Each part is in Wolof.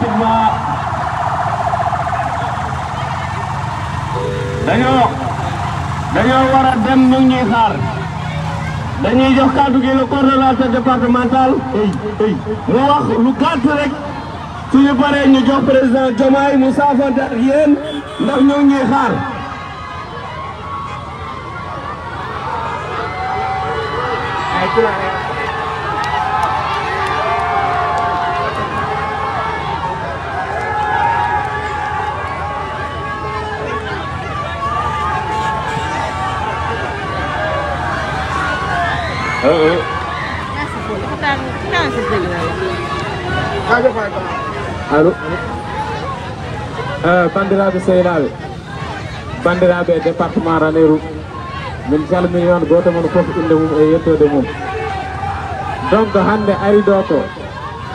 kedua dañoo dañoo war a dem ñu ñuy xaar dañuy jox kàddu gi le coordonnateur départemental mu wax lu gàtt rek suñu paree ñu jox président Diomaye mu saafante ak yéen ndax alo bandiraɓe sehilaɓe bandiraɓe e département ranérou min calmini on goto moon foof inde mum e yettode mum donc hande ari ɗo ko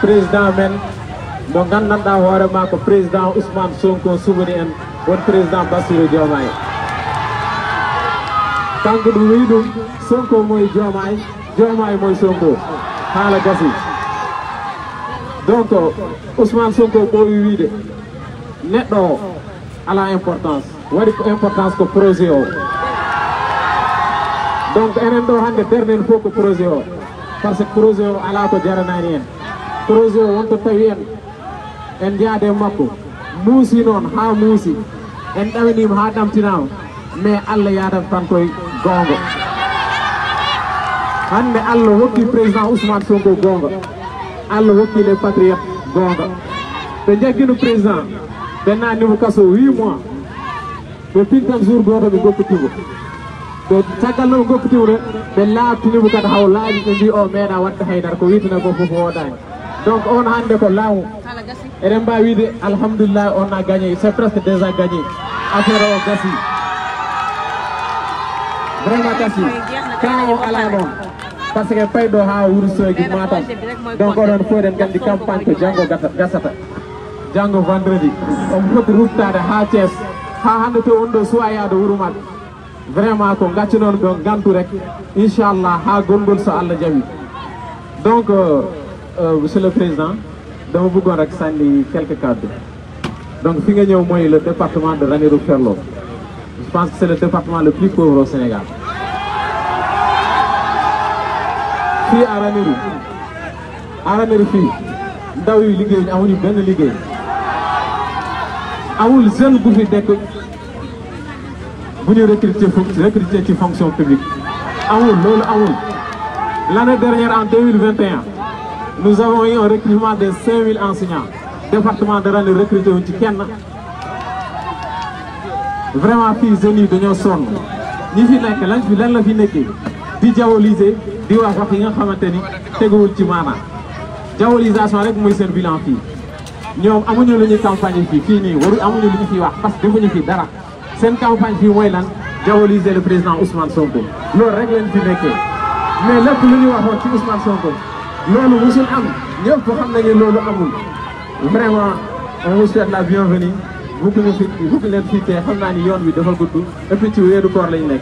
président men mo gandanɗa hoorema ko président ousmane sonko subani en won président bassirou diomaye kanko ɗum wi ɗum sonko moye diomaye diomaye moye sonko haala gasi donc Ousmane Sonko ko ɓoowi wiide neɗɗo o ala importance waɗi ko importance ko projet o donc enen ɗo hannde dernen fof ko projet o par ce que projet o ala ko jaranani en projet o wonto tawi en en jeyade makko muusi noon ha muusi en ɗawanima ha ɗamtinama mais allah yadam tan koye gongo hande allah hokki président ousmane sonko gongo àll wo kii goonga ɓe jaggino président ɓe nannimo kaso huit mois ɓe pin tan jour goto ɓe goppitimo ɓe caggal noɓe goppitimo ɗe ɓe laabtinimo kadi haw laaɓi ɓe mbi o meeɗa waɗde haydara ko witana oh, ko fof woɗani donc on hannde ko laamu eɗen mbawi wiide alhamdulillah on a gagné c' est presque déjà gagné affaire o gasi vraiment gasi ka o parce que peydo ha wursoygi matam donc oɗon fof eɗen gandi campagne ko janggo gasata janggo vendredi omo foti ruttade ha thies ha hande to woni ɗo suwa yaade vraiment ko gantu rek ha gongol so allah jami. donc euh, euh, monsieur le président dama bëggoon rek sànni quelques cadres donc fi nga le département de Ranérou Ferlo je pense que c'est le département le plus pauvre au Sénégal fi Aranérou Aranérou fi ndaw yu liggéey ñu amuñu benn liggéey amul jeune bu fi dekk bu ñu recruter recruter ci fonction publique amul loolu amul l'année dernière en 2021 nous avons eu un recrutement de 5000 enseignants département de rane recruté wuñ ci kenn vraiment fii jeunes yi dañoo sonn ñi fi nekk lan fi lan la fi nekkee di di wax wax yi nga xamanteni ni ci maanaam diabolisation rek moy seen bilan fi ñom amuñu lu campagne fi fii nii waru amuñu luñu ñu wax parce que defuñu fi dara seen campagne fi mooy lan diaboliser le président Ousmane Sonko lool rek leen fi nekkee mais lépp lu ñu ci Ousmane Sonko loolu musul am ñëpp xam ngeen loolu amul vraiment on vous souhaite la bienvenue bukk ñu fi bukk leen fii tee xam naa ni yoon bi dafa gudd et puis ci wéru koor lañ nekk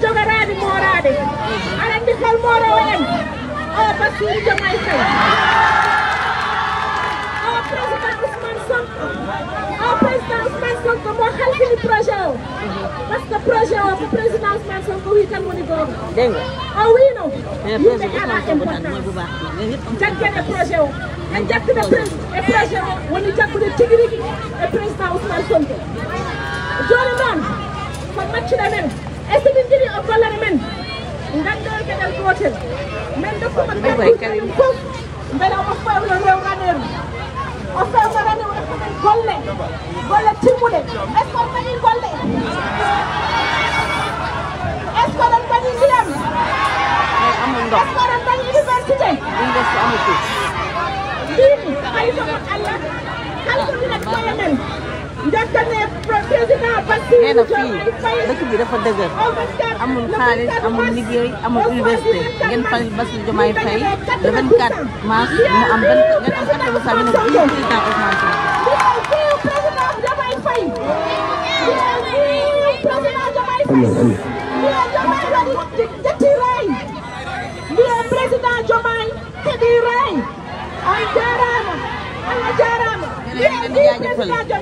tan jogoraaɓe mooraaɓe aɗa anndi hol moorowo en o oh, basiru jamay fay o oh, presidente ousmane sonko oh, o président ousmane sonko mo halkini projet o par ce que projet o ko sonko wi tan woni goonga o wiino yimɓe ala importance jaggene projet o en jaggude e projet o woni jaggude tigi rigi e président sonko jooni noon ko maccuɗa estimidiri o gollere men gandol gueɗel gotel min dokkuma ɗaɗɗum fof beele omo fawno rewranero o fewnorani waɗa komin golle golle timmuɗe est ce que on mbaɗi golle est ce que oɗon mbaɗi ndiyam est ce que oɗon mbaɗi université mbimi haytomon allah halkoɗirat koye men njëkk ne président Bassirou nee na fii dëkk bi dafa dëgër amul xaalis amul liggéey amul université ngeen fal Bassirou Diomaye Faye le 24 mars mu am benn ngeen am quatre vingt cent vingt président Ousmane Sonko président Diomaye Faye Assalamualaikum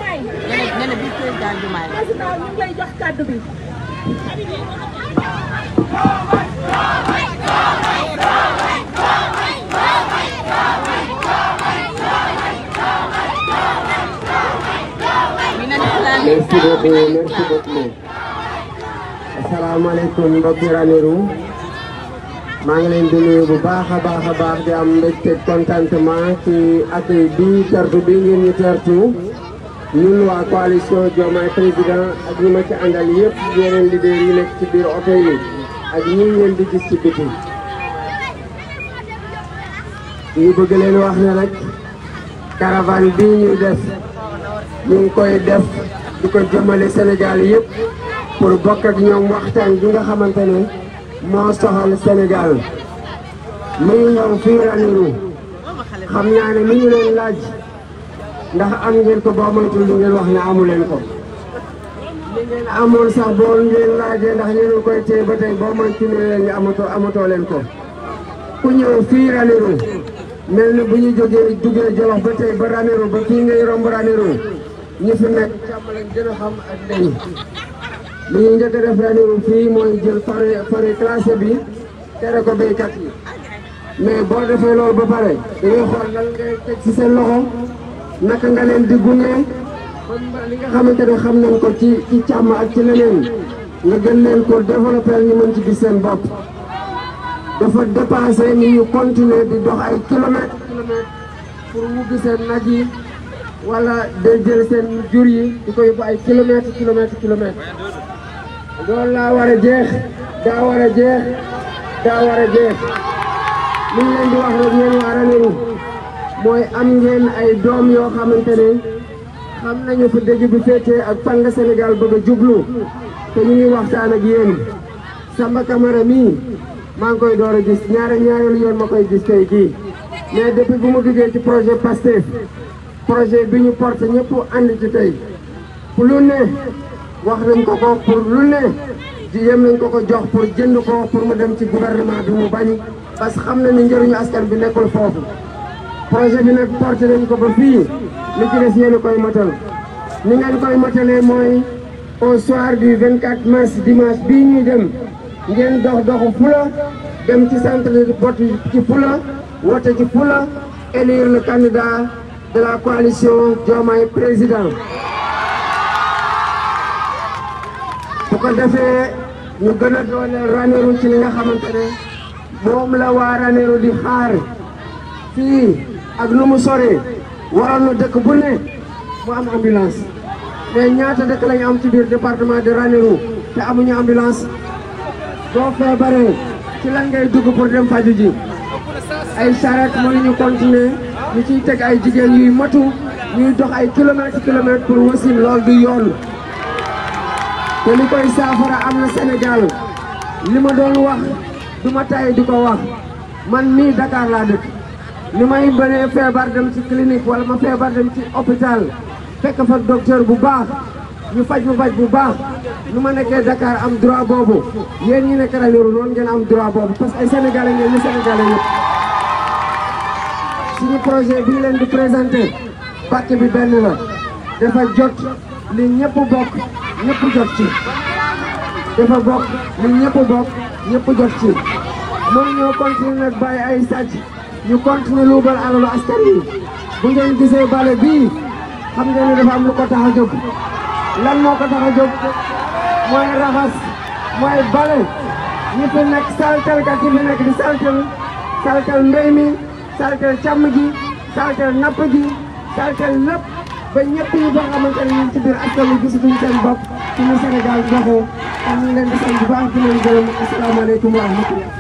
jaajëfal nee maa dulu leen di nuyu bu baax a baax di am mbégte contentement ci accueil bi tertu bi ngeen ñu tertu ñun waa coalition Diomaye président ak ñi ma ci àndal yëpp yeneen leader yi nekk ci biir oto yi ak ñi ngeen di gis ci biti ñu bëgg leen wax ne nag caravane bi ñuy def ñu ngi koy def di ko jëmale Sénégal yëpp pour bokk ak ñoom waxtaan bi nga xamante ne moo soxal senegal muy ñëw fii Ranérou xam naa ne mi ñu leen laaj ndax am ngeen ko boo moytul li ngeen wax ne amu leen ko li amoon sax boo ngeen laajee ndax yéen a koy téye ba tey boo moytul leen ne amatoo amatoo leen ko ku ñëw fii Ranérou mel na bu ñu jógee duggee Jolof ba tey ba Ranérou ba fii ngay romb Ranérou ñu fi nekk ak li ñuy njëkk a def ren fii mooy jël forêt forêt classée bi tere ko béykat yi mais boo defee loolu ba pare dañuy xool lan ngay ci seen loxo naka nga leen di gunge ba li nga xamante ne xam nañ ko ci ci càmm ak ci leneen nga gën leen ko développer ñu mën ci gis seen bopp. dafa dépassé ni ñu continuer di dox ay kilomètres kilomètres pour wugg seen nag yi wala day jël seen jur yi di ko yóbbu ay kilomètres kilomètres kilomètres. loolu laa war a jeex daa war a jeex daa war a jeex li leen di wax rek yéen waa Ranérou mooy am ngeen ay doom yoo xamante ne xam nañu fa dëgg bi féetee ak fan senegal Sénégal bëgg a jublu te ñu ngi waxtaan ak yéen Samba Camara mii maa ngi koy door a gis ñaare ñaareelu yoon ma koy gis tey jii mais depuis bu mu duggee ci projet PASTEF projet bi ñu porté ñëpp ànd ci tey lu ne. wax nañ ko ko pour lu ne di yem nañ ko ko jox pour jënd ko pour mu dem ci gouvernement bi mu bañ parce que xam na ne njëriñu askan bi nekkul foofu projet bi nag porté nañ ko ba fii li ci des yéen koy matal ni ngeen koy matalee mooy au soir du 24 mars dimanche bii ñuy dem ngeen dox doxu fula dem ci centre de vote ci fula wote ci fula élire le candidat de la coalition Diomaye Président bu ko defee ñu gën a doole Ranérou ci li nga xamante ne moom la waa Ranérou di xaar fii ak nu mu sore waroon na dëkk bu ne mu am ambulance mais ñaata dëkk lañu am ci biir département de Ranérou te amuñu ambulance boo feebaree ci lan ngay dugg pour dem faju ji ay charrette mënuñu continuer ñu ciy teg ay jigéen yuy matu ñuy dox ay kilomètres kilomètres pour wasim loolu du yoon té li koy saafara am na Sénégal li ma doon wax duma tay diko wax man mi Dakar la dëkk li may bëree feebar dem ci clinique wala ma feebar dem ci hôpital fekk fa docteur bu baax ñu faj bu faj bu baax nu ma nekkee Dakar am droit bobu yeen ñi nekk Ranérou non ngeen am droit bobu parce eh, que ay sénégalais ngeen ñu sénégalais yëpp suñu projet bii leen di présenté pàcc bi benn la dafa jot li ñëpp bokk ñëpp jot ci dafa bokk li ñëpp bokk ñëpp jot ci moom ñoo continuer nag bàyyi ay sàcc ñu continuer luubal alalu askan wi bu ngeen gisee bale bii xam ngeen ne dafa am lu ko tax a jóg lan moo ko tax a jóg mooy raxas mooy bale ñi fi nekk saltelkat yi fi nekk di saltel saltel mbéy mi saltel càmm gi saltel napp gi saltel lépp ba ñëpp ñi nga xamante ne ñun ci biir askan wi gisatuñ seen bopp suñu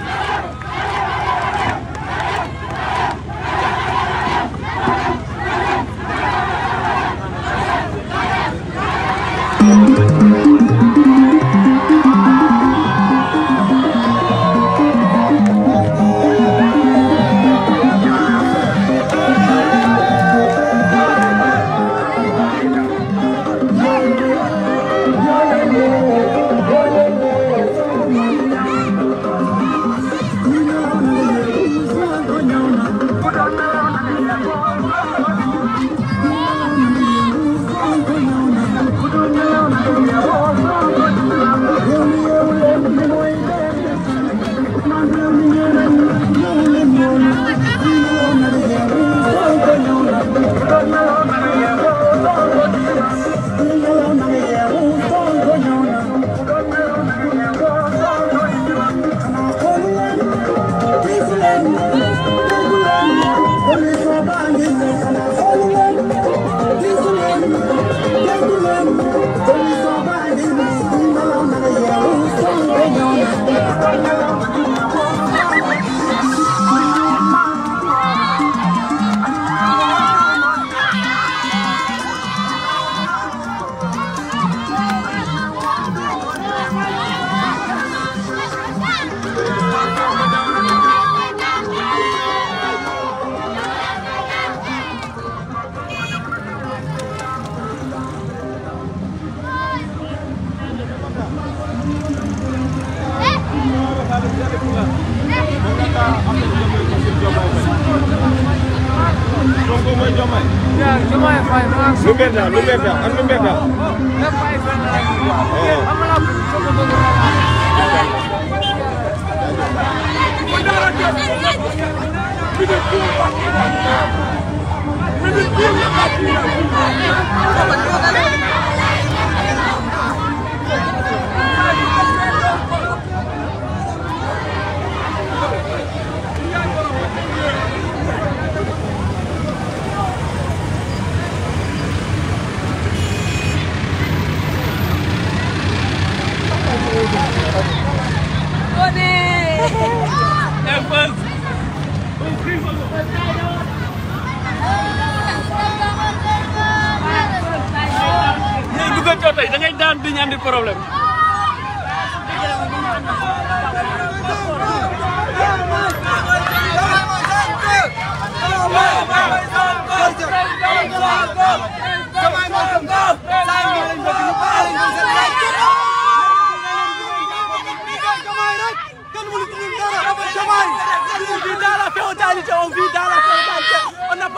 feccoo tey da ngay daan di ñu andi problème.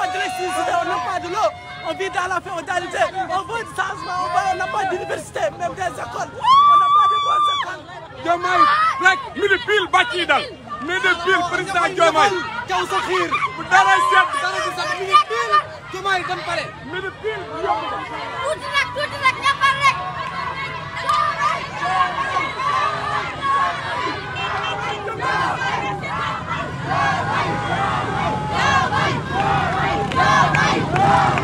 pas de l'électricité, on n'a pas de l'eau. On vit dans la féodalité, on veut du changement, on n'a pas d'université, même des écoles. On n'a pas de bonnes écoles. Diomaye rek mi ngi pile bàcc yi dal mi ngi pile président Diomaye. Kaw sa xiir bu dara seet dara du sax mi ngi pile Diomaye dem pare. mi ngi pile bu yomb. tuuti rek tuuti rek ñàppal rek. Diomaye. Wow.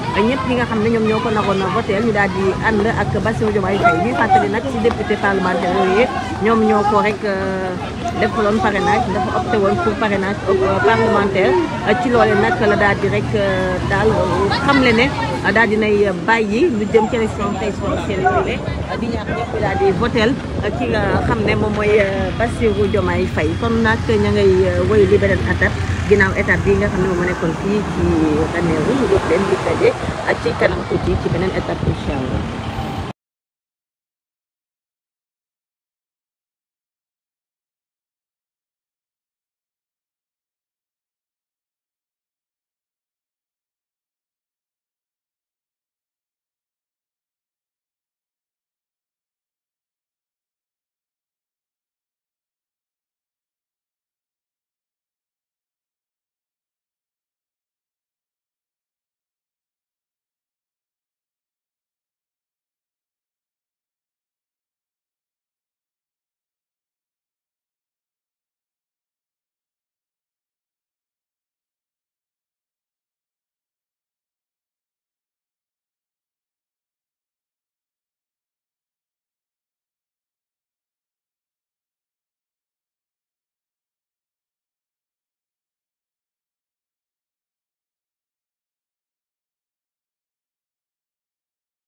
ñëpp ñi nga xam ne ñoom ñoo ko naroon voteel ñu daal di ànd ak Bassirou Diomaye Faye ñuy fàttali nag ci député parlementaire yooyu ñoom ñoo ko rek euh, defaloon parrainage dafa opté woon pour parrainage euh, parlementaire ci loole nag la daal di rek xam euh, xamle ne daal di nay bàyyi lu jëm ci élection présidentielle yooyu di ñaar ñëpp di voteel ki nga xam ne moom mooy Bassirou Diomaye Faye kon nag ña ngay woy li beneen ginnaaw étape bi nga xam ne moom ma nekkoon fii ci Ranérou ñu jóg leen di daje ak ci kanam tuuti ci beneen étape incha allah